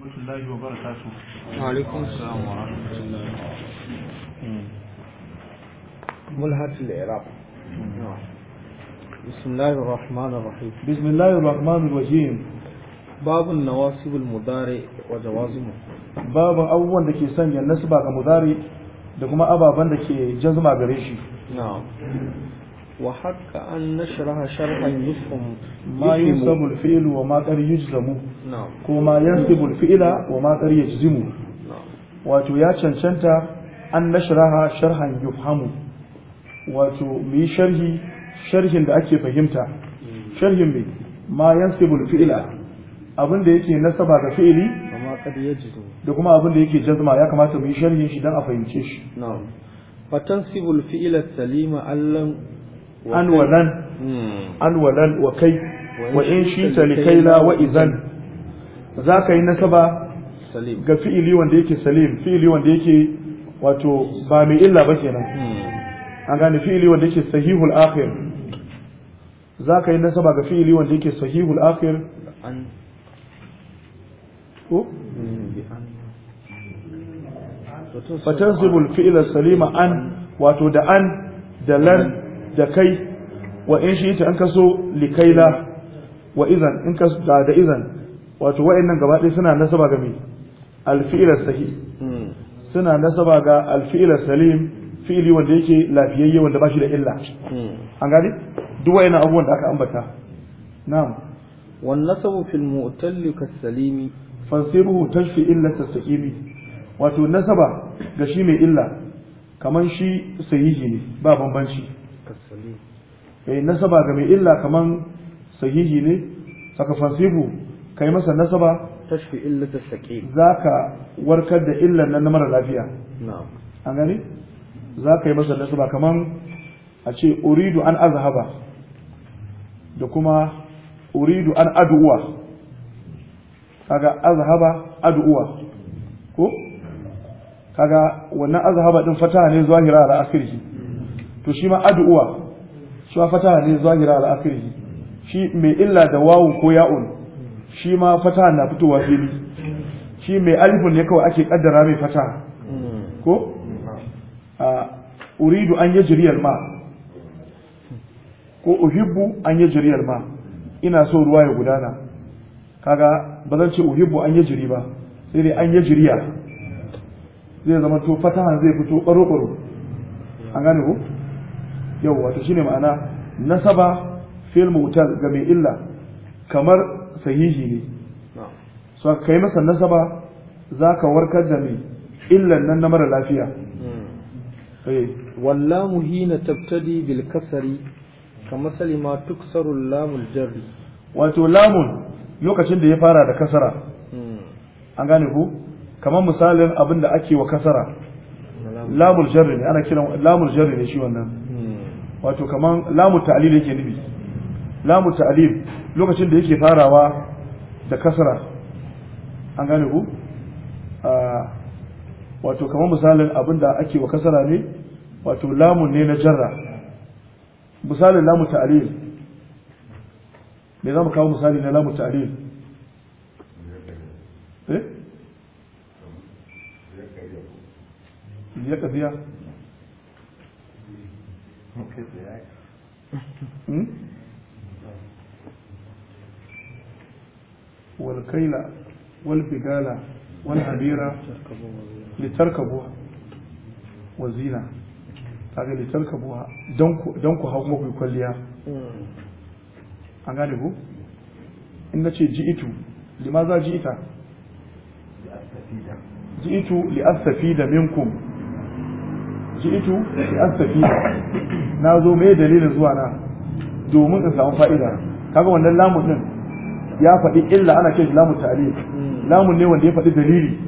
ورحمة الله وبركاته وعليكم السلام ورحمة الله ملحة الإعراب بسم الله الرحمن الرحيم بسم الله الرحمن الرحيم باب النواصب المضارع وجوازمه باب اول دكي سنجا نسبة كمضارع دكما kuma ababen da ke jazma gare وحق أن نشرح شرحا يفهم ما ينسب الفعل وما قد يجزم نعم كما ينسب الفعل وما قد يجزم نعم واتو يا cancanta an nashraha sharhan yufhamu wato mu yi sharhi sharhin da ake fahimta sharhin mai ma yansibul fi'la abin da yake nasaba ga fi'ili da kuma abin da yake jazma ya kamata muyi yi shi dan a fahimce shi na'am fatansibul fi'la salima allan anwalan hmm. anwalan wa kai wa in shi ta talikaila wa idan za ka yi nasaba ga fi'ili wanda yake salim fi'ili wanda yake wato ba mai illa ba kenan hmm. an gane fi'ili wanda yake sahihul akhir za ka yi nasaba ga fi'ili wanda yake sahihul akhir hmm. fatansibul fi'ila salima an wato da an da lan da kai wa in shi ta an kaso likaila wa izan in ka da da izan wato nan gaba ɗaya suna nasaba ga me alfi'il sahi hmm. suna nasaba ga alfi'il salim fi'ili wanda yake lafiyayye wanda ba shi da illa hmm. an gani duk wa'annan abubuwan da aka ambata na'am wan nasabu fil mu'talli salimi fansiruhu tashfi illa tasqimi wato nasaba ga shi mai illa kaman shi sahihi ne ba bambanci kasali nasaba ga mai illa kaman sahihi ne saka fasihu kai masa nasaba tashfi illata saki zaka warkar da illan nan na mara lafiya na'am an gani zaka yi masa nasaba kaman a ce uridu an azhaba da kuma uridu an ad'uwa kaga azhaba ad'uwa ko kaga wannan azhaba din fata ne zahira ala akhirih to shi ma addu'a shi ma fataha ne zahira al akhirih shi mai illa da wawu ko ya'un shi ma fataha na fitowa fili shi mai alifun ne kawai ake kaddara mai fataha ko a uridu an yajri al ma ko uhibbu an yajri al ma ina so ruwa ya gudana kaga ba zan ce uhibbu an yajri ba sai dai an yajriya zai zama to fataha zai fito ƙwaro-ƙwaro an gane ku yau wato shine ma'ana nasaba fil mutal ga mai illa kamar sahihi ne so kai masa nasaba za ka warkar da mai illan nan na mara lafiya واللام هنا تبتدي بالكسر كمثل ما تكسر اللام الجر wato lamun lokacin da ya fara da kasara hmm. an gane ku kamar misalin abin da ake wa kasara lamul jarri ne ana kiran lamul jarri ne shi wannan wato kaman lamu ta'lil yake nufi lamu ta'lil lokacin da yake farawa da kasra an gane ku ah, wato kaman misalin abin da ake wa kasara ne wato lamun ne na jarra misalin lamu ta'lil me za mu kawo misali na lamu ta'lil eh ya kafiya والكيل والبقال والحبيرة لتركبوها وزينة kaga da tarkabuha don ku hau kuma kwalliya an gane ku in ce ji'itu limaza ji'ita ji'itu li astafida minkum ji'itu bi astafi na zo me dalilin zuwa na domin in samu fa'ida kaga wannan lamun din ya faɗi illa ana kai lamun ta'ali lamun ne wanda ya faɗi dalili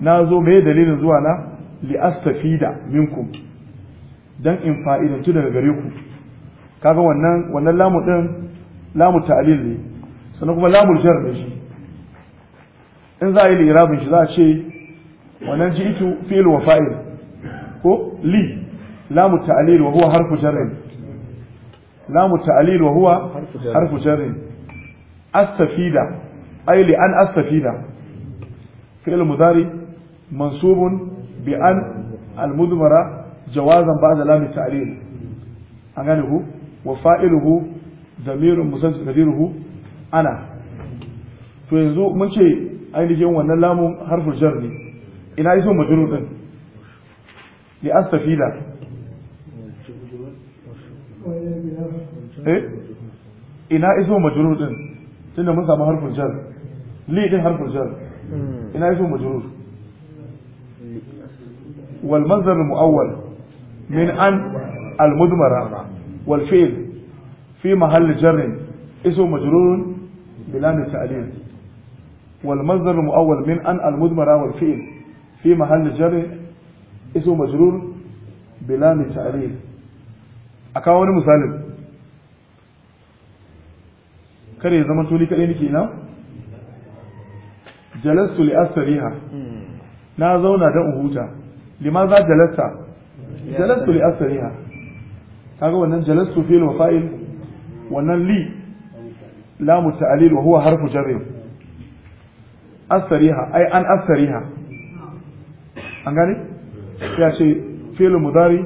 na zo me dalilin zuwa na li astafida minkum dan in fa'ida tu daga gare ku kaga wannan wannan lamun din lamun ta'ali ne sannan kuma lamun jar ne shi in za a yi lirabin shi za a ce wannan ji'itu fi'il wa fa'il ko li lamu ta'lil wa huwa harfu jarr lamu ta'lil wa huwa harfu jarr astafida ay li an astafida fi'l mudari mansubun bi an al-mudmara jawazan ba'da lam ta'lil an gane ku wa fa'iluhu damirun musannas kadiruhu ana to yanzu mun ce ainihin wannan lamun harfu jar ina iso majrur din لأن سفينة إيه إنا اسمه مجرور تلنا تنا من سامة حرف الجر ليه دي حرف الجر إنا اسمه مجرور والمصدر المؤول من أن المدمرة والفيل في محل جر اسمه مجرور بلا التعليل والمصدر المؤول من أن المدمرة والفيل في محل جر iso majrur bila mai ta'rif a kawo wani misalin kare ya zama tuni kaɗai nake na jalastu li asriha na zauna dan uhuta limaza jalasta jalastu li asriha kaga jalastu li لام التعليل وهو حرف جر أسريها أي أن أسريها أنغاني sai a ce fi'l mudari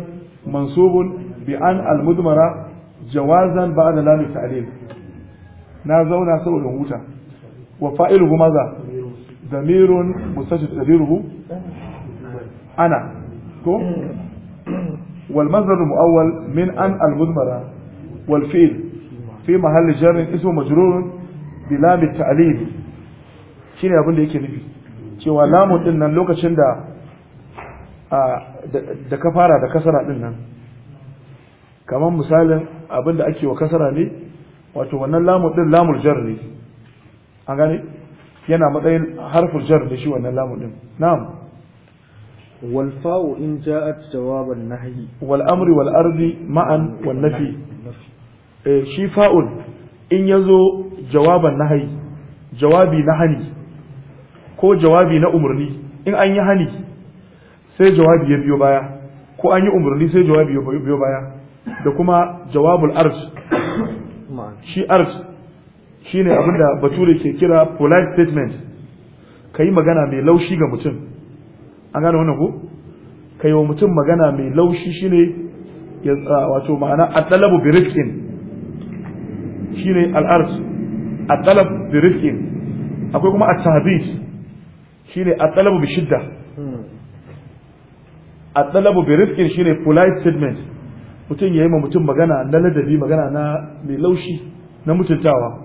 mansubun bi an al mudmara ba da lam ta'lil na zauna saboda huta wa fa'iluhu maza damirun mustajid dabiruhu ana ko wal mazhar muawwal min an al mudmara wal fi'l fi mahalli jarrin ismu majrurun bi lam ta'lil shine abin da yake nufi cewa lamun din nan lokacin da da ka fara da kasara din nan kamar misalin abinda ake wa kasara ne wato wannan lamur din lamul jar ne an gane yana matsayin harful jar da shi wannan lamu din na'am wal fa'u in ja'at jawaban nahyi wal amri wal ardi ma'an wal nafi eh shi fa'ul in yazo jawaban nahyi jawabi na hani ko jawabi na umarni in an yi hani sai jawabi ya biyo baya ko an yi umarni sai jawabi ya biyo baya da kuma jawabul arj shi arj ne abinda bature ke kira polite statement ka yi magana mai laushi ga mutum an gane wannan ka yi wa mutum magana mai laushi shine ya wato ma'ana a talabu birikin shi ne al'arz a at-talab akwai kuma a tabi shi ne talabu bi bishidda at bai bi shi shine polite statement mutum ya yi ma mutum magana na ladabi magana na mai laushi na mutuntawa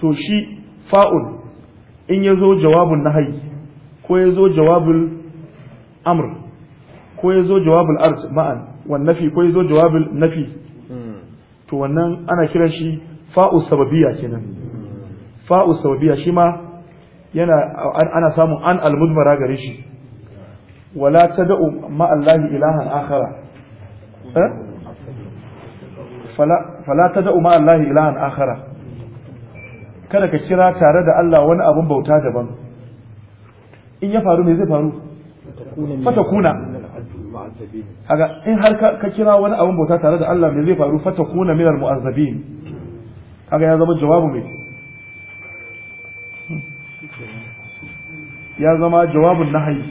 to shi fa'ul in ya zo jawabun nahyi ko ya zo jawabin amr ko ya zo jawabin art ma'an wan nafi ko zo jawabin nafi hmm. to wannan ana kiran shi fa'u sababiyya kenan hmm. fa'u sababiyya shi ma yana ana samun an almudmara gare shi wala tad'u ma Allahi ilahan akhara fala fala tad'u ma Allahi ilahan akhara kada ka kira tare da Allah wani abun bauta daban in ya faru me zai faru fatakuna haga in har ka kira wani abun bauta tare da Allah me zai faru fatakuna minal mu'azzabin kaga ya zama jawabu me, ya zama jawabun nahayi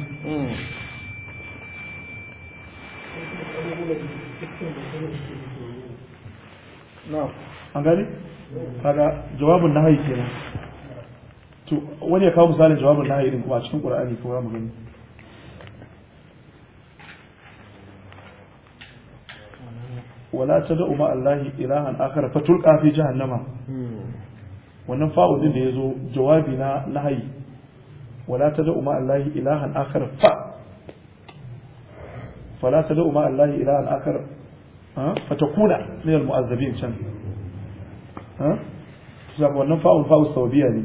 an kaga jawabin nahayi kenan to wani ya kawo misalin jawabin nahayi din kuma a cikin qur'ani ko mu gani wala tad'u ma allahi ilahan akhar fatulqa fi jahannama wannan fa'u din da yazo jawabi na nahayi wala tad'u ma allahi ilahan akhar fa fala tad'u ma allahi ilahan akhar fatakuna min almu'azzabin can saboda wannan fa'ul fa'ul sawabiya ne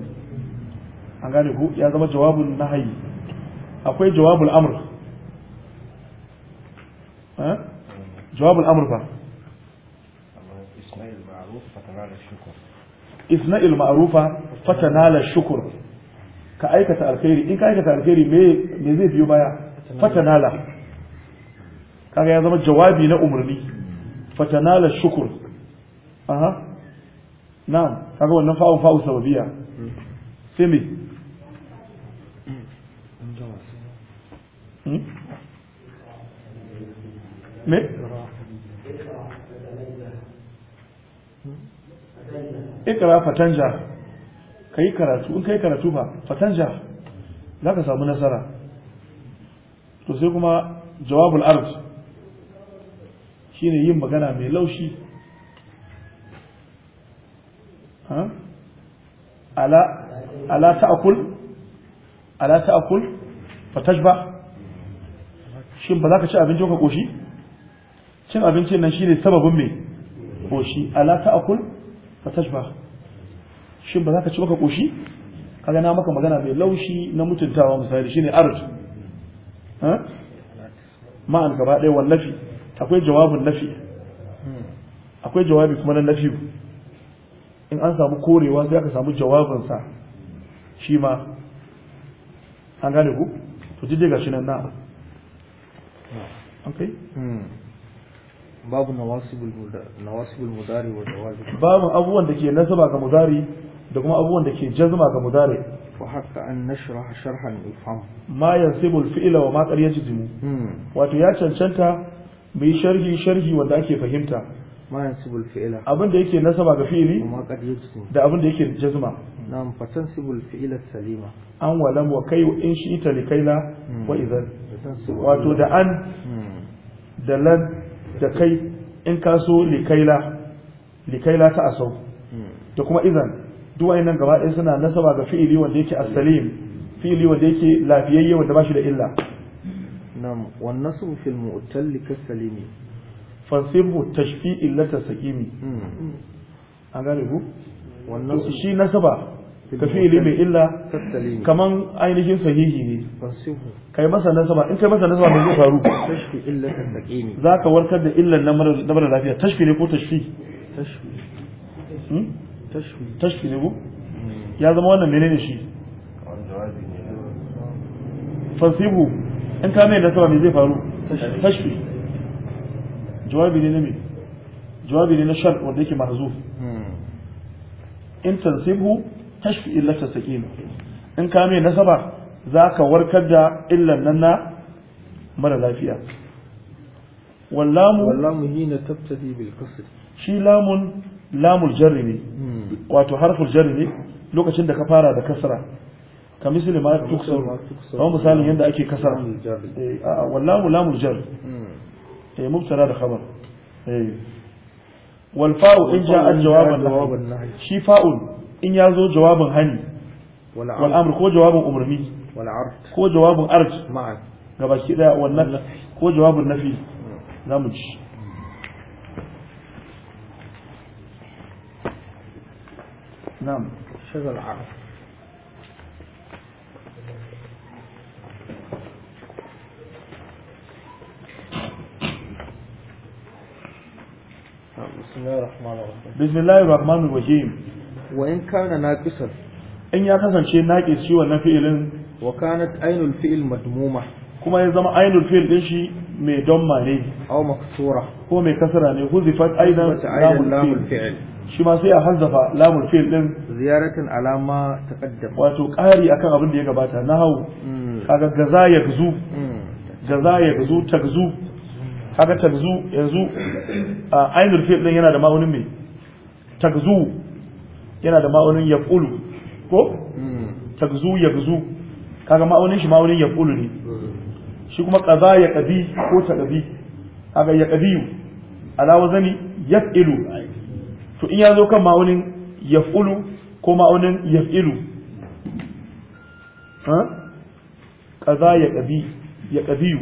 an gane ku ya zama jawabun nahayi akwai jawabul amr jawabul amr fa isna'il ma'rufa fatanala shukur ka aikata alkhairi in ka aikata alkhairi me zai biyo baya fatanala kaga ya zama jawabi na umarni فتنال الشكر أها نعم هذا النفع أو فاوس وبيع سمي م اقرا فتنجا كاي كراتو ان كاي كراتو با فتنجا لا تسامو نصره تو سي كما جواب الارض shine yin magana mai laushi ala ala ta'kul ala ta'kul fatashba shin ba za ka ci abinci ka koshi cin abinci nan shine sababin me koshi ala ta'kul fatashba shin ba za ka ci ka koshi kaga na maka magana mai laushi na mutuntawa misali shine arj ha ma'an gaba ɗaya wallafi akwai jawabin nafi hmm. akwai jawabi kuma na nafi in an samu korewa sai aka samu jawabin sa shi ma an gane ku to jide ga shi nan na hmm. ok hmm. babu nawasibul nawasibul mudari wa jawazib babu abubuwan da ke nasaba ga mudari da kuma abubuwan da ke jazma ga mudari an أن sharhan شرحا ma ما ينسب wa وما قد يجزم Wato ya cancanta. mai sharhi sharhi wanda ake fahimta ma yansibul abin da yake nasaba ga fi'ili da abin da yake jazma na'am fatansibul fi'la salima an walam wa kai in shi ita li kaila hmm. wa idan wato da an hmm. da lan da kai in ka so li kaila li kaila ta aso hmm. da kuma idan duk wayannan gaba ɗaya suna nasaba ga fi'ili wanda yake as-salim fi'ili wanda yake lafiyayye wanda ba shi da illa نعم والنصب في المؤتل كالسليم إلا تسقيمي ne kai masa nasaba in kai masa warkar da illan na in ka mai nasaba ne zai faru tashfi jawabi ne na me jawabi ne na shar wanda yake mahzuf in tansibhu tashfi illata sakina in ka mai nasaba za ka warkar da illan nan na mara lafiya wallamu wallamu hina tabtadi bil kasr shi lamun lamul jarri ne hmm. wato harful jarri ne lokacin da ka fara da kasra ka misali ma tuksar kamar misalin yadda ake kasara eh, wallahu lamul jar hmm. eh mubtada da khabar eh wal fa'u in ja ja'a jawaban shi fa'u in ya zo jawabin hani wal amr ko jawabin umarni wal ard ko jawabin ard ma'an gabaki daya wannan ko jawabin nafi zamu ci نعم شغل عرض bismillahir rahmanir rahim wa in kana naqisan in ya kasance naqis shi wannan fi'ilin wa kanat ainul fi'il madmuma kuma ya zama ainul fi'il din shi mai damma ne aw maksura ko mai kasra ne huzifat aidan lamul fi'il shi ma sai a hazzafa lamul fi'il din ziyaratan alama taqaddam wato ƙari akan abin da ya gabata nahawu mm. kaga gaza yakzu mm. gaza yakzu takzu kaga tagzu yanzu a ainihin fiye din yana da ma'aunin me tagzu yana da ma'aunin ƙulu ko tagzu yagzu kaga ma'aunin shi ma'aunin ƙulu ne shi kuma ƙaza ya ƙabi ko ta ƙabi kaga ya alawa zani ya ƙilu to in ya zo kan ma'aunin ƙulu ko ma'aunin ya ƙilu ƙaza ya ƙabi ya qadiyu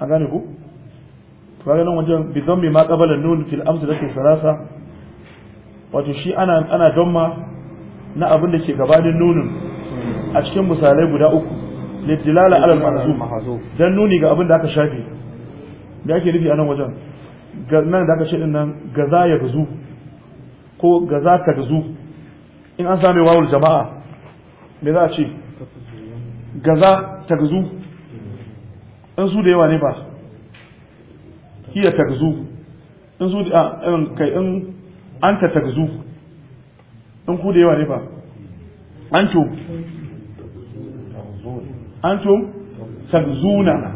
a gane ku. kaga nan wajen bi makabalar ma qabala amsa fil ke sarasa wato shi ana ana damma na abin da ke gabanin nunin a cikin misalai guda uku littilala alal mazu Don nuni ga abin da aka shafe da ake nufi a nan wajen nan da aka ce din nan gaza ya gazu ko gaza ka gazu in an same wawul jama'a me za a ce gaza ta gazu in su da yawa ne ba hiya takzu in su da kai in an ta takzu in ku da yawa ne fa antum antum takzuna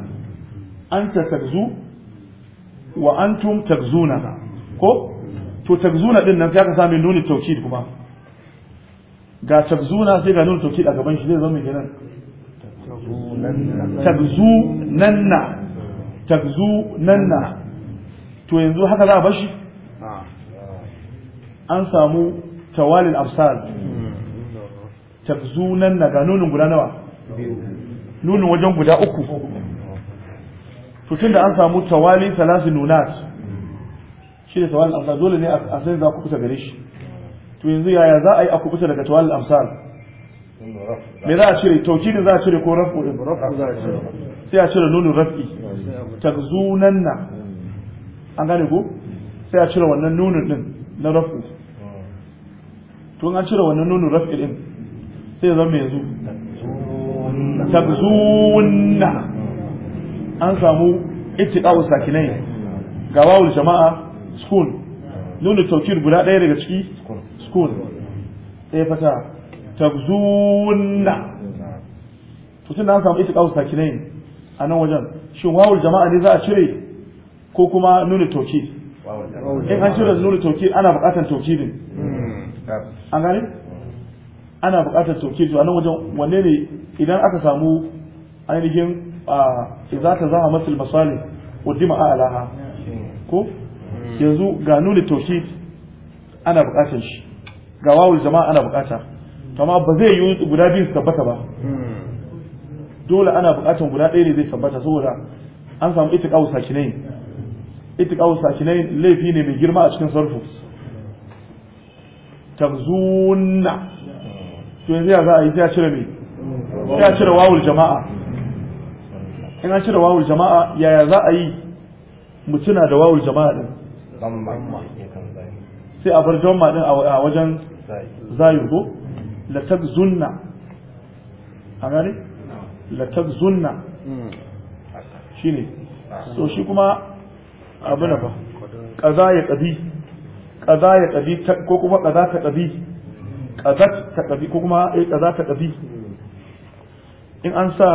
ta takzu wa antum takzuna ko to takzuna din nan ya ka sami nuni tawkid kuma ga takzuna sai ga nuni tawkid a gaban shi zai zama kenan takzunanna takzunanna to yanzu haka za a bashi an samu tawalin absal tabzunan naga nunin guda nawa nunin wajen guda uku tutun da an samu tawali salasi nunat shi da tawalin absal dole ne a sai za ku kusa gare shi to yanzu yaya za a yi a kusa daga tawalin absal me za a cire da za a cire ko rafu sai a cire nunin rafi tabzunan na an gane ko sai a cire wannan nunin din na rafu to an cire wannan nunin rafu din sai ya zama yanzu tabzuna an samu ittiqa'u sakinai ga wawul jama'a sukun nunin tawkir guda ɗaya daga ciki sukun sai fata tabzuna to tun an samu ittiqa'u sakinai a nan wajen shin wawul jama'a ne za a cire ko kuma nuna toki. in an cire nuna toki ana toki din hmm. an gani ana bukatar toki to nan wajen wanne ne idan aka samu ainihin za ta zama masul masalih qaddima alaha ko hmm. yanzu ga nuna toki ana bukatar shi ga wawul jama'a ana bukata. to amma ba zai yi guda biyu su tabbata ba hmm. dole ana bukatar guda ɗaya ne zai tabbata saboda an samu ita kawo sakinai itiqawu ne laifi ne mai girma a cikin sarfu tamzunna to yanzu ya za a yi ta cire ne? ya cire wawul jama'a in an cire wawul jama'a yaya za a yi mutuna da wawul jama'a din sai a bar jama'a din a wajen zayu ko la tagzunna a gane la tagzunna shine so shi kuma abuna ba kaza ya ƙabi kaza ya kabi ko kuma kaza ta kabi kaza ta kabi ko kuma eh kaza ta kabi in an sa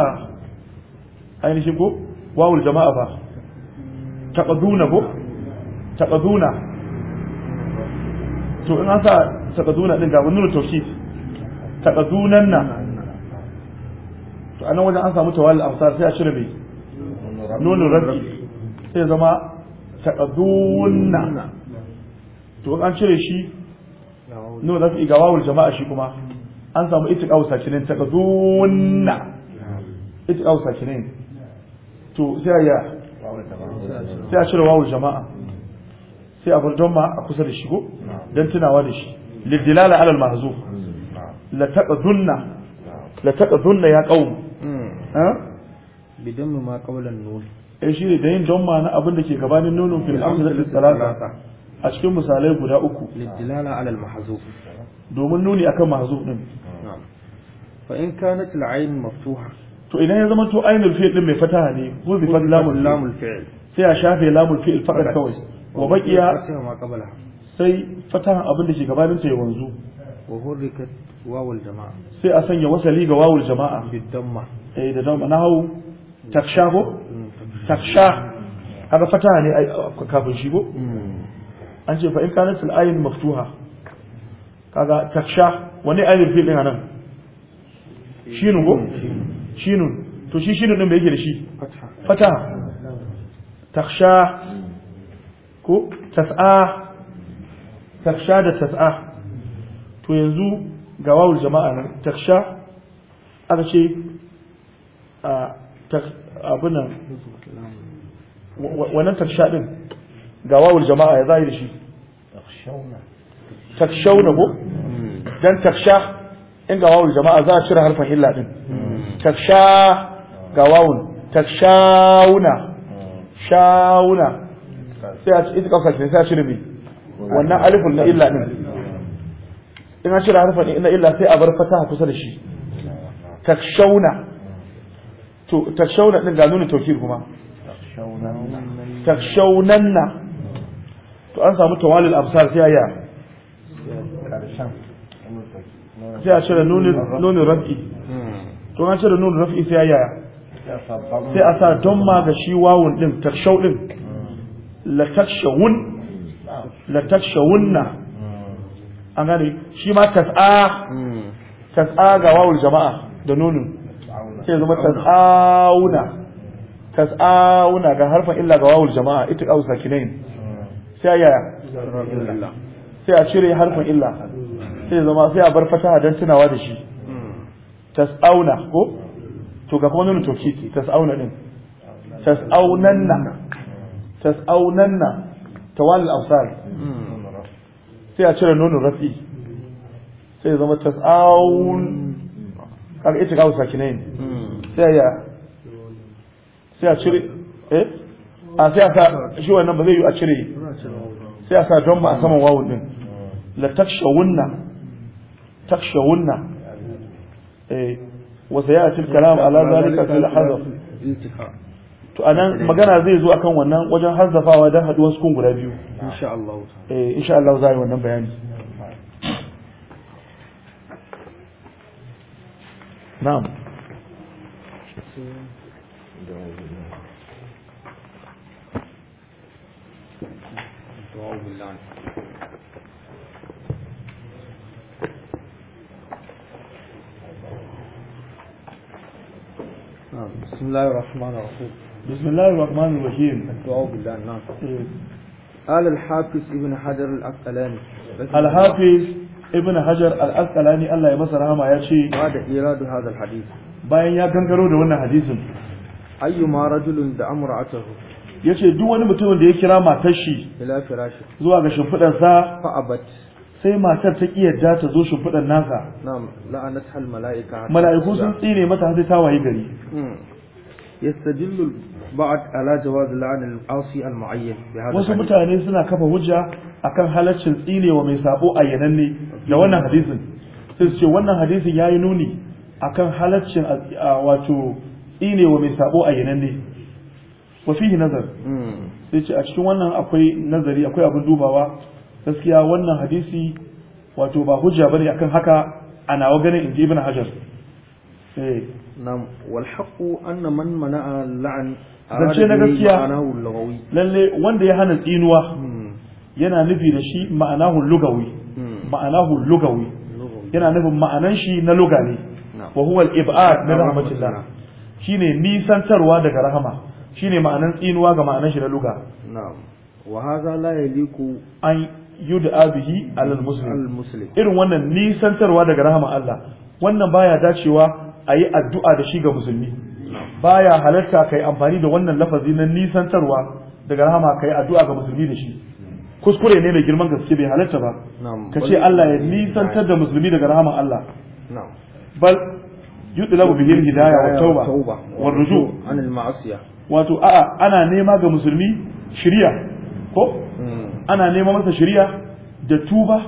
ainihin ko wawul jama'a ba taqaduna ko taqaduna to in an sa taqaduna din ga wannan tawkid taqadunan na to anan wajen an samu tawallul amsar sai a shirbe nunun rabbi sai zama taqadunna to an cire shi no za ka iga wawul jama'a shi kuma an samu itiqau sakinin taqadunna itiqau sakinin to sai ya sai a cire wawul jama'a sai a bar ma a kusa da shi ko dan tunawa da shi lidilala ala al-mahzuf la taqadunna la taqadunna ya qaum ha bidan ma qawlan nun eh shi ne da yin don ma'ana abin da ke gabanin nunin fil amsalati salasa a cikin misalai guda uku lidilala ala mahzuf domin nuni akan mahzuf din fa in kanat al ayn maftuha to idan ya zama to ainul fi'l din mai fataha ne huzifat lamul lamul fi'l sai a shafe lamul fi'l fakat kawai wa baqiya sai fatahan abin da ke gabanin ta ya wanzu wa hurrikat wawul jama'a sai a sanya wasali ga wawul jama'a bidamma eh da damma nahu takshahu taksha kaga fataha ne kafin shi an ce fa in kana fil ayin maftuha kaga taksha wani ayin fil din nan? shinun go shinun to shi shinun din bai yake da shi Fata. taksha ko tas'a taksha da tas'a to yanzu ga wawul jama'a nan taksha aka ce abinan wannan taksha ga wawul jama'a ya zai da shi takshauna ko hmm. dan taksha in ga wawul jama'a za a cire harfin illa din hmm. taksha ga wawul takshauna hmm. shauna sai a ita kafa ce sai a cire mai wannan alifun na illa din in a cire harfin illa sai a bar fataha kusa da shi takshauna to takshawna din ga nuna tawkid kuma takshawnanna to an samu tawalil absar sai ya sai a cire nunin raf'i nunin raf'i sai ya sai a sa don ma ga shi wawun din takshaw din la takshawun la takshawunna an gane shi ma tas'a tas'a ga wawul jama'a da nunin sai zama tas'auna tas'auna ga harfa illa ga wawul jama'a ita au sakinain sai ya sai a cire harfa illa sai zama sai a bar fataha don tunawa da shi tas'auna ko to ga kuma nuna tokiti tas'auna din tas'aunanna tas'aunanna tawal al-awsal sai a cire nunun rafi sai zama tas'aun kaga ita gawo sakinai ne sai ya sai a cire eh a sai a sa shi wannan ba zai yi a cire sai a sa don ma a saman wawun din la takshawunna takshawunna eh wa sayati al-kalam ala zalika fil hadaf to anan magana zai zo akan wannan wajen hazzafawa dan haduwan sukun guda biyu insha Allah eh insha Allah za yi wannan bayani نعم. نعم بسم الله الرحمن الرحيم بسم الله الرحمن الرحيم الدعاء بالله نعم إيه. قال الحافظ ابن حجر العسقلاني الحافظ ibn hajar al-asqalani Allah ya masa rahama ya ce ba da iradu hadal hadith bayan ya kankaro da wannan hadisin ayyuma rajulun da amra'atuhu yace duk wani mutumin da ya kira matar shi ila firashi zuwa ga shimfidar sa fa abat sai matar ta ki yadda ta zo shimfidar nasa na'am la'anat hal mala'ika mala'iku sun tsine mata har ta waye gari hmm. yastadillu ba'd ala jawaz la'an al-asi wasu mutane suna kafa hujja akan halaccin tsinewa mai sabo ayyananne da wannan hadisin sai ce wannan hadisin yayi nuni akan halaccin wato tsinewa mai sabo ayyananne wa fihi nazar hmm. sai ce a cikin wannan akwai nazari akwai abin dubawa gaskiya wannan hadisi wato ba hujja bane akan haka a nawa ganin inji ibn hajar nam wal haqqu anna man mana'a la'an zance na gaskiya lalle wanda ya hana tsinuwa hmm. yana nufi da shi ma'anahu lugawi hmm. ma'anahu lugawi yana nufin ma'anan shi na luga ne wa huwa al-ib'ad min rahmatillah shine nisantarwa daga rahama shine ma'anan tsinuwa ga ma'anan shi na luga na'am wa hadha la yaliku an yud'a bihi al-muslim irin wannan nisantarwa daga rahama Allah wannan baya dacewa a yi addu'a da shi ga musulmi baya halarta ka yi amfani da wannan lafazi na nisantarwa daga rahama kai addu'a ga musulmi da shi kuskure ne mai girman gaske bai halarta ba ka ce Allah ya nisantar da musulmi daga rahama Allah bal yudlabu bihi hidaya wa tauba wa ruju an al ma'asiya wato a'a ana nema ga musulmi shiriya ko hmm. ana nema masa shiriya da tuba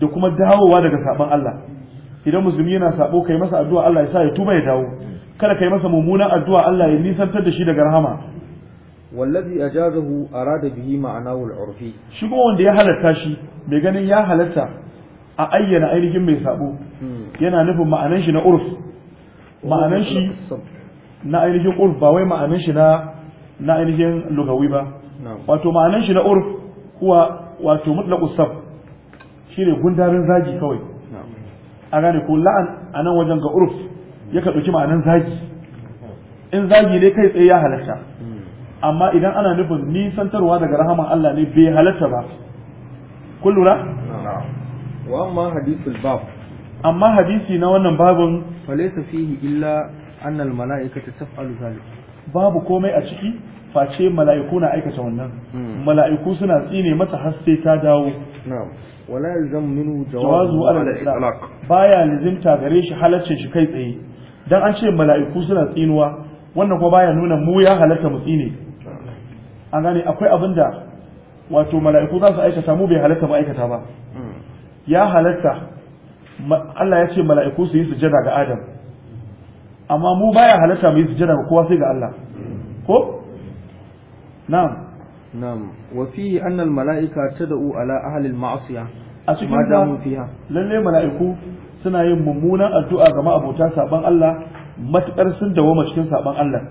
da kuma dawowa daga saban Allah idan musulmi yana sabo kai masa addu'a Allah ya sa ya tuba ya dawo kada kai masa mummunan addu'a Allah ya nisantar da shi daga rahama wallazi ajazahu arada bihi ma'anahu al-urfi shi kuma wanda ya halatta shi bai ganin ya halatta a ayyana ainihin mai sabo hmm. yana nufin ma'anan shi na urf ma'anan shi na ainihin urf ba wai ma'anan shi na na ainihin lugawi ba wato ma'anan shi na urf kuwa wato mutlaqus sab shine gundarin zagi kawai a gane ko la'an a nan wajen ga uruf ya ka ɗauki ma'anan zagi in zagi ne kai tsaye ya halatta amma idan ana nufin nisantarwa daga rahama Allah ne bai halatta ba kun lura wa amma hadisul bab amma hadisi na wannan babin falaysa fihi illa anna mala'ikata taf'alu zalik babu komai a ciki face mala'iku na aikata wannan hmm. mala'iku suna tsine mata har sai ta dawo na'am wala yalzam minhu jawazu ala al-itlaq baya lazimta gare shi halaccin shi kai tsaye dan an ce mala'iku suna tsinuwa wannan kuma baya nuna mu ya halatta mu tsine an gane akwai abin da wato mala'iku za su aikata mu bai halatta mu aikata ba hmm. ya halatta Allah ya ce mala'iku su yi sujada ga Adam amma mu baya halatta mu yi sujada ga kowa sai ga Allah hmm. ko na'am na'am wa fihi anna al mala'ika tad'u ala ahli al ma'siyah a cikin ma damu mala'iku suna yin mummunan addu'a ga ma'abota saban Allah matukar sun dawoma cikin saban Allah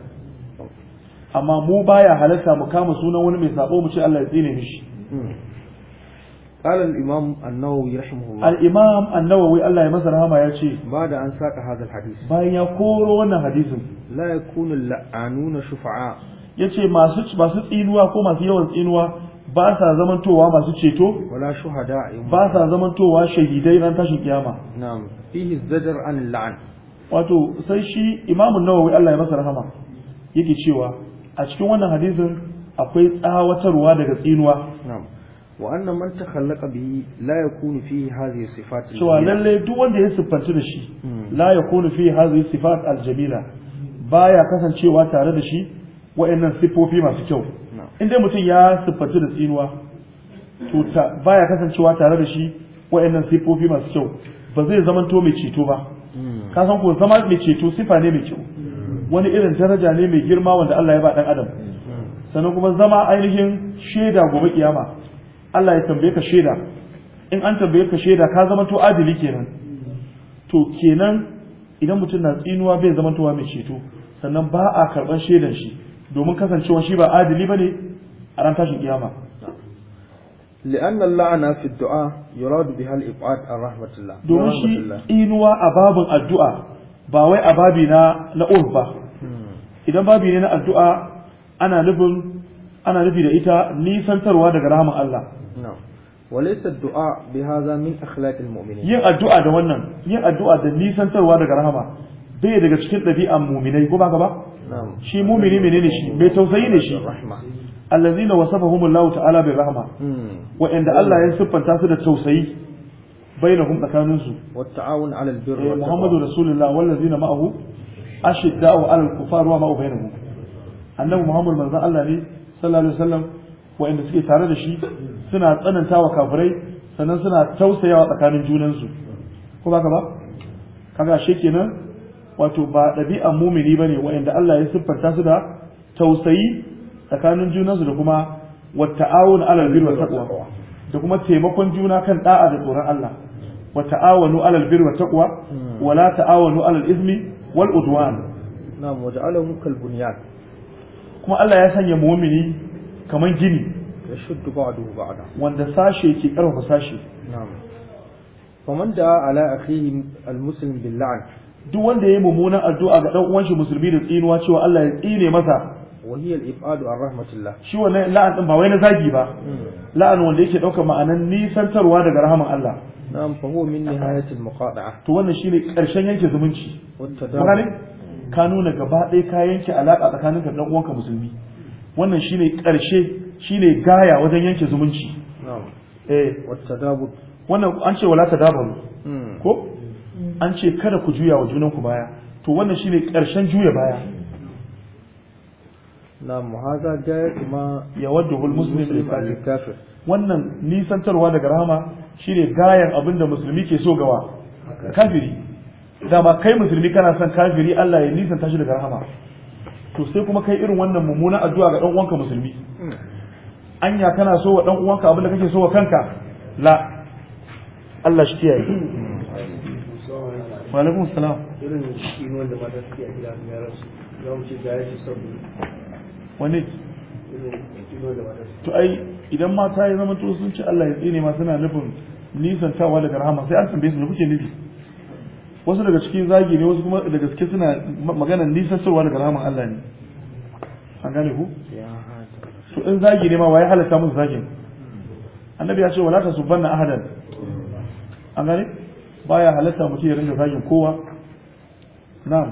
amma mu baya halarta mu kama sunan wani mai sabo mu ce Allah ya tsine mishi قال الإمام النووي رحمه الله الإمام النووي الله يمسر هما يشي بعد أن ساق هذا الحديث حديث لا يكون اللعانون شفعاء yace masu masu tsinuwa ko masu yawan tsinuwa ba sa zamantowa masu ceto ba sa zamantowa shahidai ran tashin kiyama wato sai shi Imam Nawawi Allah ya masa rahama yake cewa a cikin wannan hadisin akwai tsawatarwa daga tsinuwa na'am wa annan man takhallaqa bihi la yakunu fihi hadhihi sifat cewa lalle duk wanda ya siffanta da shi hmm. la yakunu fihi hadhihi sifat aljamila baya kasancewa tare da shi wa'annan siffofi masu kyau in dai mutum ya siffatu da tsinuwa to ta baya kasancewa tare da shi wa'annan siffofi masu kyau ba zai zama to mai ceto ba hmm. ka san ko zama mai ceto sifa ne mai kyau hmm. wani irin daraja ne mai girma wanda Allah ya ba dan adam hmm. sannan kuma zama ainihin shaida gobe kiyama Allah ya tambaye ka shaida in an tambaye ka shaida ka zama to adili kenan to kenan idan mutum na tsinuwa bai zama to mai ceto sannan ba a karban shaidan shi domin kasancewa shi ba adili bane a ran tashin kiyama لأن اللعنة fi du'a يراد بها الإبعاد عن رحمة الله domin shi inuwa a babin addu'a ba wai a babi na na ba hmm. idan babi ne na addu'a ana nufin ana nufi da ita nisantarwa daga rahman Allah وليس الدعاء بهذا من اخلاق المؤمنين yin addu'a da wannan yin addu'a da nisantarwa daga rahama bai daga cikin ɗabi'an mu'minai ko ba ka ba shi mumini menene shi mai tausayi ne shi allazina wasafahum Allah ta'ala bi rahma wa'anda Allah ya siffanta su da tausayi bainahum tsakanin su wa ta'awun 'ala al-birri eh, Muhammadu Rasulullah wallazina ma'ahu ashidda'u 'ala al-kuffar wa ma'u bainahum annabi Muhammad manzon Allah ne sallallahu alaihi wasallam wa'anda suke tare da shi suna tsanantawa kafirai sannan suna tausayawa tsakanin junansu ko ba ka ba kaga shekenan wato ba ɗabi'an mumini bane wa'anda Allah ya siffanta su da tausayi tsakanin junansu da kuma wata'awun alal birri wa taqwa da kuma taimakon juna kan da'a da tsoron Allah wa ta'awanu alal birri wa taqwa hmm. wa la ta'awanu alal ismi wal udwan na'am wa ja'alahu kal bunyan kuma Allah ya sanya mu'mini kaman gini Ya yashuddu ba'dahu ba'da wanda sashe ke karfafa sashe na'am faman da ala akhihi al muslim bil la'n duk wanda ya yi mummunan addu'a ga 'ɗan uwanshi musulmi da tsinuwa cewa Allah ya tsine masa wahiya ifadu ar rahmatillah shi wannan la'an din ba wai na zagi ba hmm. la'an wanda yake daukar ma'anan nisantarwa daga rahman Allah na'am fa huwa min nihayati al-muqata'a to wannan shine karshen yanke zumunci wannan ka nuna gaba ɗaya ka yanke alaƙa tsakanin ka dan uwanka musulmi wannan shine karshe shine gaya wajen yanke zumunci na'am eh wata dabu wannan an ce wala tadabaru hmm. ko an ce kada ku juya wa junanku baya to wannan shi ne karshen juya baya na muhaza gaya kuma ya wadda muslim kafir wannan nisantarwa daga rahama shi ne gayan abinda musulmi ke so gawa kafiri dama kai musulmi kana son kafiri Allah ya nisanta shi daga rahama to sai kuma kai irin wannan mummunan addu'a ga dan uwanka musulmi anya kana so wa dan uwanka abinda kake so wa kanka la Allah shi kiyaye wa salam irin shi wanda mata suke a gida ya rasu za mu ce da ya ce wani to ai idan mata ya zama to sun ci Allah ya tsine ma suna nufin nisantawa daga rahama sai an tambaye su me kuke nufi wasu daga cikin zagi ne wasu kuma da gaske suna magana nisantarwa daga rahama Allah ne an gane ku to in zagi ne ma waye halatta musu zagin hmm. annabi ya ce wala ta subanna ahadan an gane baya halatta mutum ya rinka zagin kowa Na.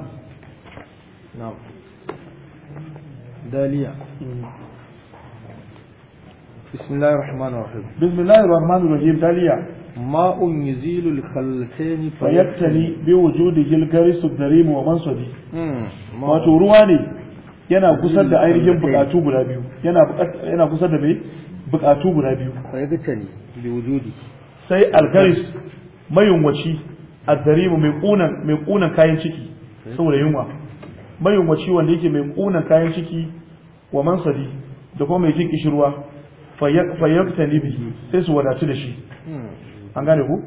Na. daliya بسم الله الرحمن الرحيم بسم الله الرحمن الرحيم داليا يزيل الخلتين فيبتلي الدريم ومنصدي ruwa ne yana kusar da ainihin bukatu guda biyu yana kusar da mai bukatu guda biyu fayabtali sai algaris mayunwaci a mai kunan mai kunan kayan ciki saboda yunwa mayunwaci wanda yake mai kunan kayan ciki wa mansadi da kuma mai jin kishirwa fayaktani bihi sai su wadatu da shi an gane ku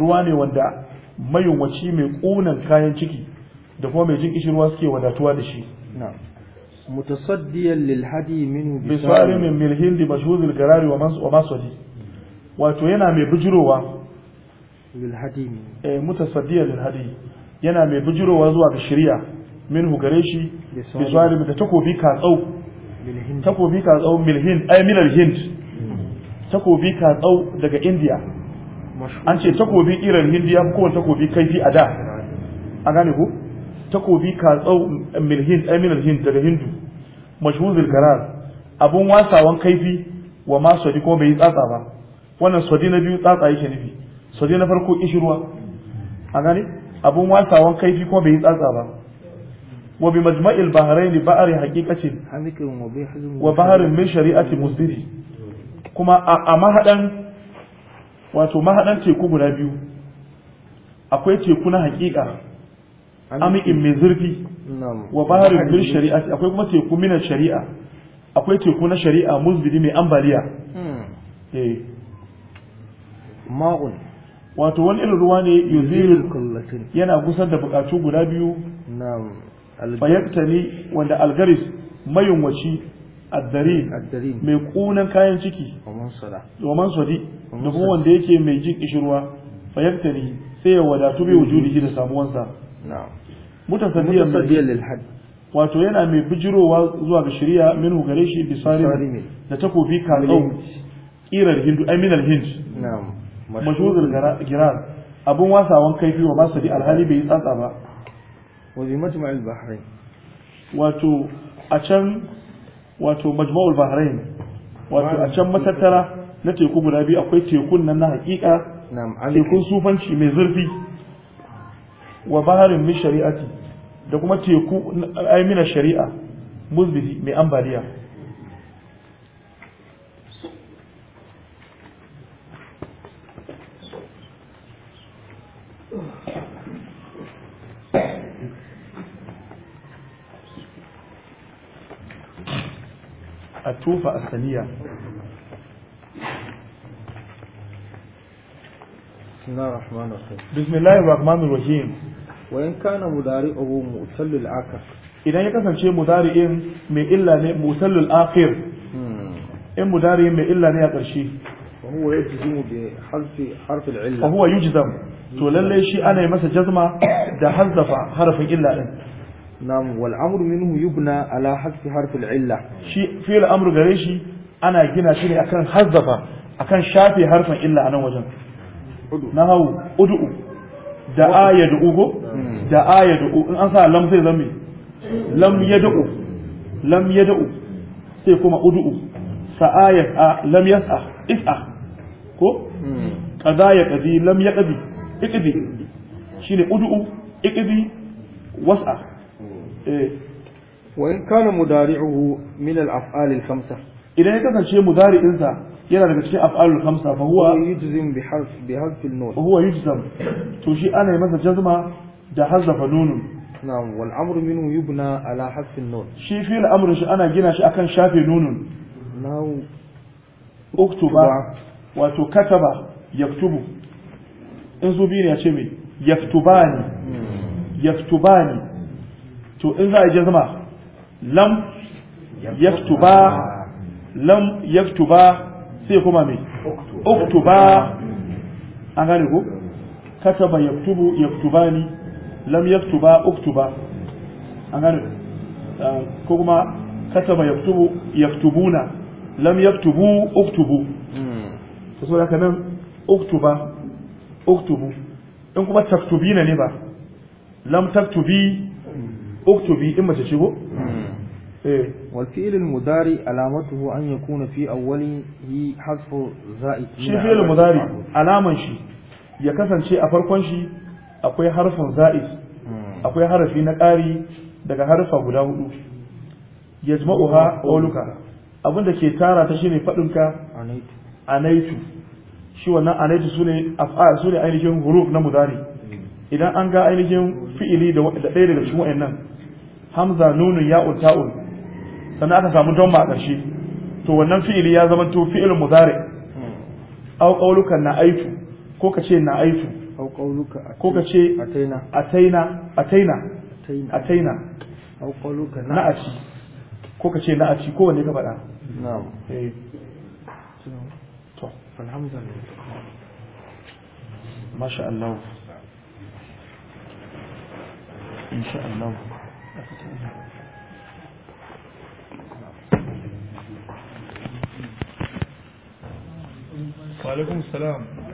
ruwa ne wanda mayunwaci mai kunan kayan ciki da kuma mai jin kishirwa suke wadatuwa da shi متصديا للهدي منه بصار من ملهند garari القرار ومصدي wato yana mai bijirowa lilhadi eh mutasaddiya yana mai bijirowa zuwa ga shari'a minhu gare shi bi da takobi ka tsau takobi ka tsau milhin ay milal hind hmm. takobi ka tsau daga india an ce takobi hindiya ko takobi kaifi a da a gane ku takobi ka tsau milhin ay milal hind daga hindu mashhurul karar abun wasawan kaifi wa ma sadi ko bai tsatsa ba wannan sadi na biyu tsatsa yake nufi saje na farko kishirwa a gani? abun wasawan kaifi kuma bai yi tsatsa ba wa bi majma'il bahrain ba'ari haqiqatin wa baharin min shari'ati musiri kuma a mahadan wato mahadan teku guda biyu akwai teku na haqiqa amikin mai zurfi wa baharin min shari'ati akwai kuma teku min shari'a akwai teku na shari'a musbiri mai ambaliya hmm. eh ma'un wato wani irin ruwa ne yuzilu yana gusar da bukatu guda biyu na'am wanda algaris mayunwaci addari mai kunan kayan ciki domin sadi da kuma wanda yake mai jin kishirwa fayaktani sai ya wadatu bai wujudi da samuwansa mutasaddiyan lil hadd wato yana mai bijirowa zuwa ga shari'a min gare shi bisari da takobi kalqau kirar hindu aminal hind na'am mashuzul girar abun wasawan kaifi wa masu di alhali bai yi tsatsa ba wazimatu ma'il bahrain wato a can wato majma'ul bahrain wato a can matattara na teku guda biyu akwai tekun nan na hakika tekun sufanci mai zurfi wa baharin min shari'ati da kuma teku aimina shari'a muzbihi mai ambaliya التوفة الثانية بسم الله الرحمن الرحيم بسم الله الرحمن الرحيم وإن كان مضارعه موصل الآخر إذا يكسر شيء مضارع من إلا موصل الآخر إن مضارع من إلا نيا قرشي وهو يجزم بحذف حرف العلة وهو يجزم to lalle shi ana yi masa jazma da hazzafa harafin illa din nam wal amru minhu yubna ala illa shi fi'il amru gare shi ana gina shi ne akan hazzafa akan shafe harfin illa a nan wajen na hau udu'u da ya du'u go hmm. ya du'u in an sa lam sai zame lam ya du'u lam ya du'u sai kuma udu'u sa'a ya lam ko hmm. kaza ya lam ya udu'u Eh. wa in kana mudari'uhu min al-af'al al idan ya kasance mudari'in sa yana daga cikin af'alul khamsa fa huwa yujzim bi harf bi harf an-nun huwa yujzam to shi ana yi masa jazma da hazafa nunun na'am wal amru minhu yubna ala harf an-nun shi fi al-amru shi ana gina shi akan shafe nunun na'am uktuba kataba yaktubu in zubi ya ce mai yaktubani hmm. to in za a jazma lam yaktuba lam yaktuba sai kuma me oktuba an gane ko kataba yaktubu yaktubani lam yaktuba oktuba an gane ah, ko kuma kataba yaktubu yaktubuna lam yaktubu oktubu to so da nan oktuba oktubu in kuma taktubina ne ba lam taktubi uktubi in mace ce ko والفعل المضارع علامته أن يكون في أوله حذف زائد شي فعل المضارع علامة شي يكسن شي أفرقون شي أقوي حرف زائد أقوي حرف نقاري daga harfa guda hudu yajma'uha qawluka abin da ke tara ta shine fadin ka anaitu shi wannan anaitu sune af'al ainihin huruf na mudari hmm. idan an ga ainihin fi'ili da ɗaya daga cikin wayannan hamza nunu ya ta'un sannan aka samu domba a ƙarshe to wannan fi'ili ya zama to fi'ilun muzari aw qauluka na aitu ko ka ce na aitu aw qauluka ko ka ce ataina ataina ataina ataina aw qauluka na aci ko ka ce na aci ko wanne ka faɗa na'am eh to alhamdulillah masha Allah insha Allah وعليكم السلام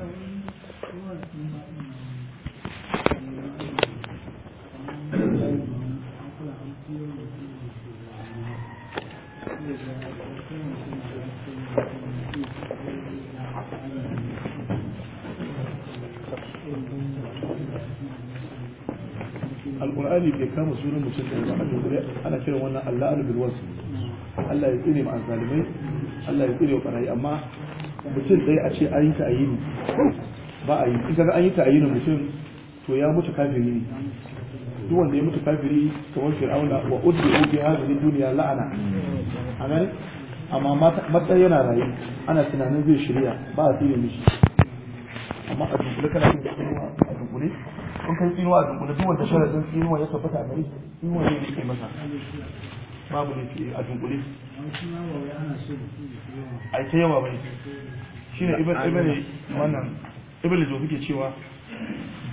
qur'ani bai kama sunan mutum da ba hadin ana kiran wannan Allah bil wasl Allah ya tsire ma zalimai Allah ya tsire barayi amma mutum dai a ce an yi ta ta'ayini ba a yi kisa an yi ta ta'ayinin mutum to ya mutu kafiri ne duk wanda ya mutu kafiri kamar fir'auna wa uddu bi hadhihi duniya la'ana a gani amma matsayi yana rayu ana tunanin zai shirya ba a tsire mishi amma a dunkule kana yin kowa a dunkule in kai tsinuwa a dunkule duk wanda sharadin tsinuwa ya tabbata a gari tsinuwa ne yake masa babu ne a dunkule a ita yawa bai shine ne ibn wannan ibn da cewa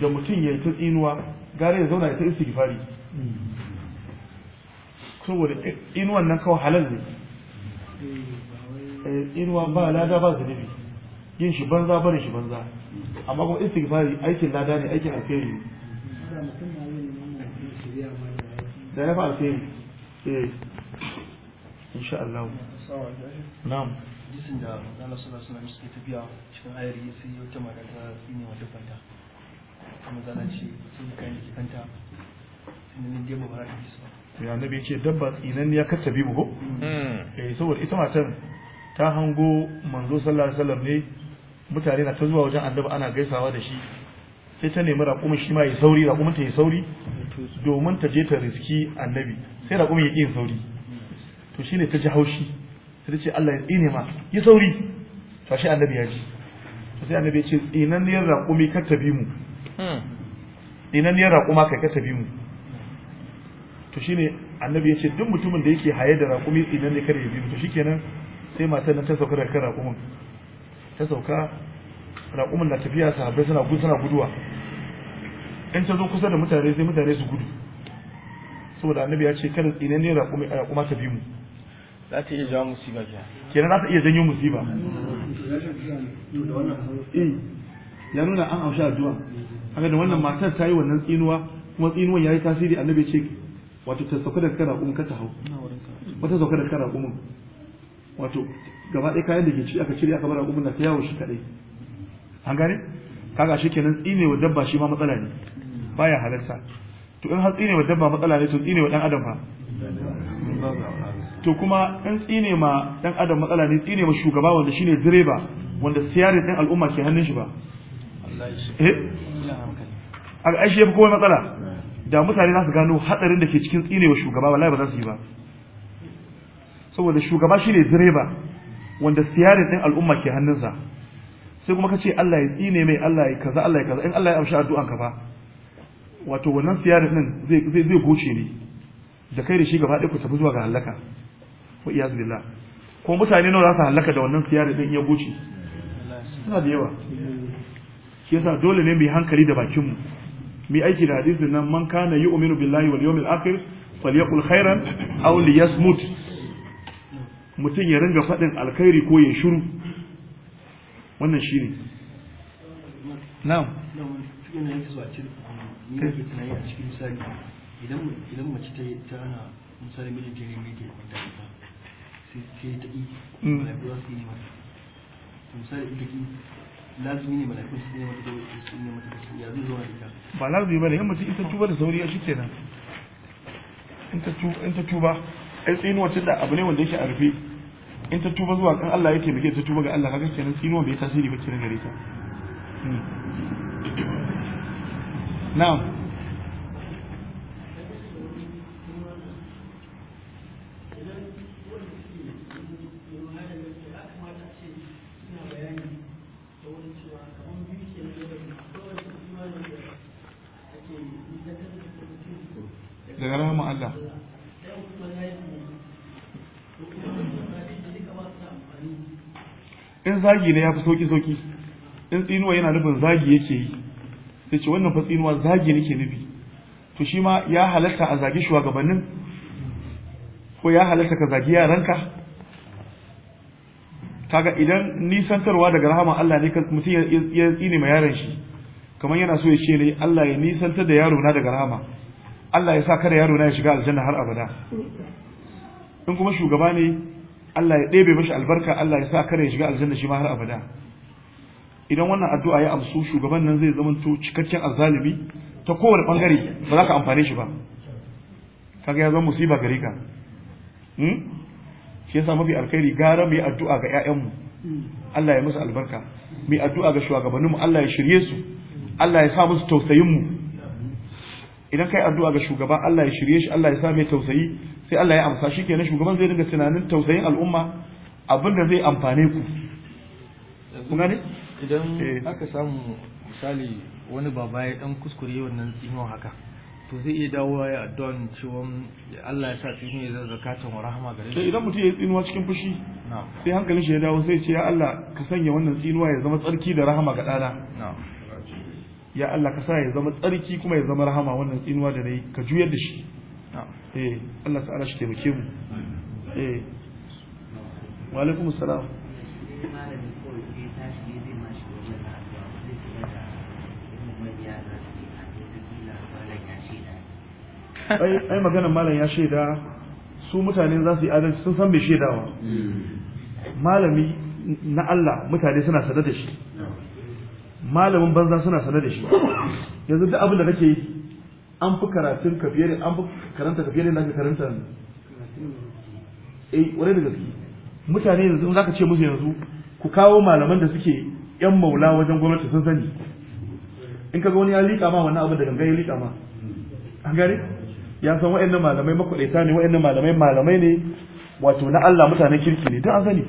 da mutum ya yi ta tsinuwa gare ya zauna ya ta istighfari saboda inuwan nan kawai halal ne eh, inuwa ba lada ba zunubi yin shi banza barin shi banza amma kuma istighfari aikin lada ne aikin alkhairi da ya fa alkhairi eh insha Allah na'am jisin da Allah sallallahu alaihi wasallam suke tafiya cikin ayari sai ya ta magana sai ne wata fanta kuma zana ce sun yi kayan da fanta sun ne dai ba ta su ya nabi ce dabba tsinan ya kasabi bugo hmm. eh saboda ita matan ta hango manzo sallallahu alaihi wasallam ne mutane na ta zuwa wajen annabi ana gaisawa da shi sai ta nemi raƙumin shi ma ya sauri raƙumin ta ya sauri domin ta je ta riski annabi sai raƙumin ya ƙi yin sauri to shine ta ji haushi sai ta ce Allah ya tsine ma ya sauri to shi annabi ya ji to sai annabi ya ce ne raƙumi kar ta bi mu ne raƙuma kai kar ta bi mu to shine annabi ya ce duk mutumin da yake haye da raƙumi inan ne kar ya bi mu to shikenan sai matar nan ta sauka da kan raƙumin ta sauka raƙumin na tafiya sahabbai suna gudu suna guduwa in ta zo kusa da mutane sai mutane su gudu saboda annabi ya ce kada tsine ne raƙumi raƙuma ta bi mu za ta iya jawo musiba ke kenan za ta iya janyo musiba eh, ya nuna an haushi addu'a haka da wannan matar ta yi wannan tsinuwa kuma tsinuwan ya yi tasiri annabi ce wato ta sauka da kara kuma ka ta hau wata sauka da kara kuma wato gaba ɗaya kayan da ke ciki aka cire aka bar raƙumin na ta yawo shi kaɗai an gane kaga shi kenan tsine wa dabba shi ma matsala ne baya halarta to in har tsine wa dabba matsala ne to tsine wa ɗan adam fa to kuma in tsine ma ɗan adam matsala ne tsine ma shugaba wanda shine direba wanda siyarin ɗan al'umma ke hannun shi ba eh a ai shi fi kowai matsala da mutane za su gano hatsarin da ke cikin tsine wa shugaba wallahi ba za su yi ba saboda shugaba shine direba wanda siyarin din al'umma ke hannunsa sai kuma ka ce Allah ya tsine mai Allah ya kaza Allah ya kaza in Allah ya amshi addu'an ka fa wato wannan siyarin din zai zai goce ne da kai da shi gaba ɗaya ku tafi zuwa ga halaka wa iyaz billah ko mutane nawa za su halaka da wannan siyarin din ya goce suna da yawa shi yasa dole ne mu yi hankali da bakin mu mu aiki da hadisin nan man kana yu'minu billahi wal yawmil akhir falyaqul khairan aw liyasmut mutum ya ringa faɗin alkhairi ko ya shiru wannan shi ne mm. lazumi ne su ne mata da su ne mata da ya zai ba lazumi ba ne yan mace ita tuba da sauri ya shi kenan in ta tuba ai tsinuwa tun da abu ne wanda yake a rufe in ta tuba zuwa kan Allah ya taimake ta tuba ga Allah kaga kenan sinuwa bai tasiri ba kenan gare ta hmm. na'am zagi ne ya fi soki soki in tsinuwa yana nufin zagi yake yi sai ce wannan fa tsinuwa zagi nake nufi to shi ma ya halatta a zagi shugabannin ko ya halatta ka zagi yaranka kaga idan nisantarwa daga rahama Allah ne kan mutum ya tsine ma yaron shi kamar yana so ya ce ne Allah ya nisantar da yaro na daga rahama Allah ya sa kada yaro na ya shiga aljanna har abada in kuma shugaba ne Allah ya ɗebe mashi albarka Allah ya sa kare ya shiga aljanna shi ma har abada idan wannan addu'a ya amsu shugaban nan zai zama to cikakken azzalimi ta kowane bangare ba za ka amfane shi ba kaga ya zama musiba gare ka hmm? shi yasa mafi alkhairi gara mu yi addu'a ga 'ya'yanmu Allah ya musu albarka mu yi addu'a ga shugabanninmu Allah ya shirye su Allah ya sa musu tausayin mu idan kai addu'a ga shugaba Allah ya shirye shi Allah ya sa mai tausayi sai Allah ya amsa shi kenan shugaban zai dinga tunanin tausayin al'umma abin da zai amfane ku kun gane idan eh. aka samu misali wani baba ya dan kuskure wannan tsinon haka to zai iya dawo ya addu'a cewa Allah ya sa tsinon ya zazzaka ta wa rahama gare shi idan mutum ya tsinuwa cikin fushi sai hankalin shi ya dawo sai ce ya Allah ka sanya wannan tsinuwa ya zama tsarki da rahama ga dana ya Allah ka sa ya zama tsarki kuma ya zama rahama wannan tsinuwa da nayi ka juyar da shi eh Allah ta'ala shi taimake mu eh wa alaikum assalam ai maganar malam ya shaida su mutane za su yi adalci sun san bai shaidawa malami na Allah mutane suna sanar da shi malamin banza suna sanar da shi yanzu duk abin da nake yi an fi karatun ka fiye an fi karanta ka fiye da naka karanta eh wani da gaske mutane yanzu za ka ce musu yanzu ku kawo malaman da suke yan maula wajen gwamnati sun sani in ka ga wani ya liƙa ma wannan abin da ganga ya liƙa ma an gare ya san wa'annan malamai makwaɗaita ne wa'annan malamai malamai ne wato na Allah mutanen kirki ne don an sani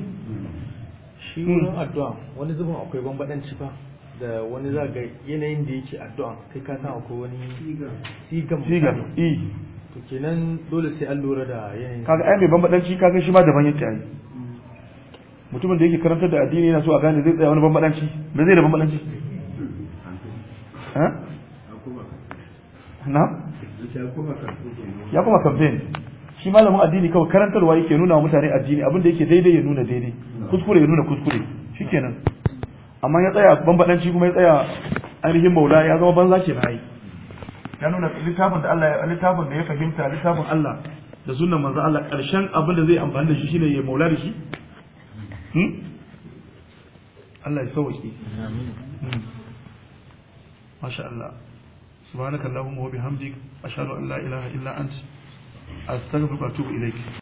shi addu'a wani zubin akwai bambadanci fa da wani za ga yanayin da yake addu'a kai ka san akwai wani sigan sigan i e. to kenan dole sai an lura da yanayin kaga ai mai bambadanci kaga shi ma daban yake ai mm. mutumin da yake karantar da addini yana so a gane zai tsaya wani bambadanci me zai da bambadanci na ya kuma campaign shi malamin addini kawai karantarwa yake nuna wa mutane addini abin da yake daidai ya nuna daidai kuskure ya nuna kuskure shikenan amma ya tsaya bambadanci kuma ya tsaya ainihin maula ya zama banza ke na ya nuna littafin da Allah littafin da ya fahimta littafin Allah da sunnan manzo Allah karshen abin da zai amfani da shi shine ya maula da shi hmm? Allah ya sauke amin hmm. masha Allah subhanakallahumma wa bihamdik ashhadu an la ilaha illa anta astaghfiruka wa atubu ilaik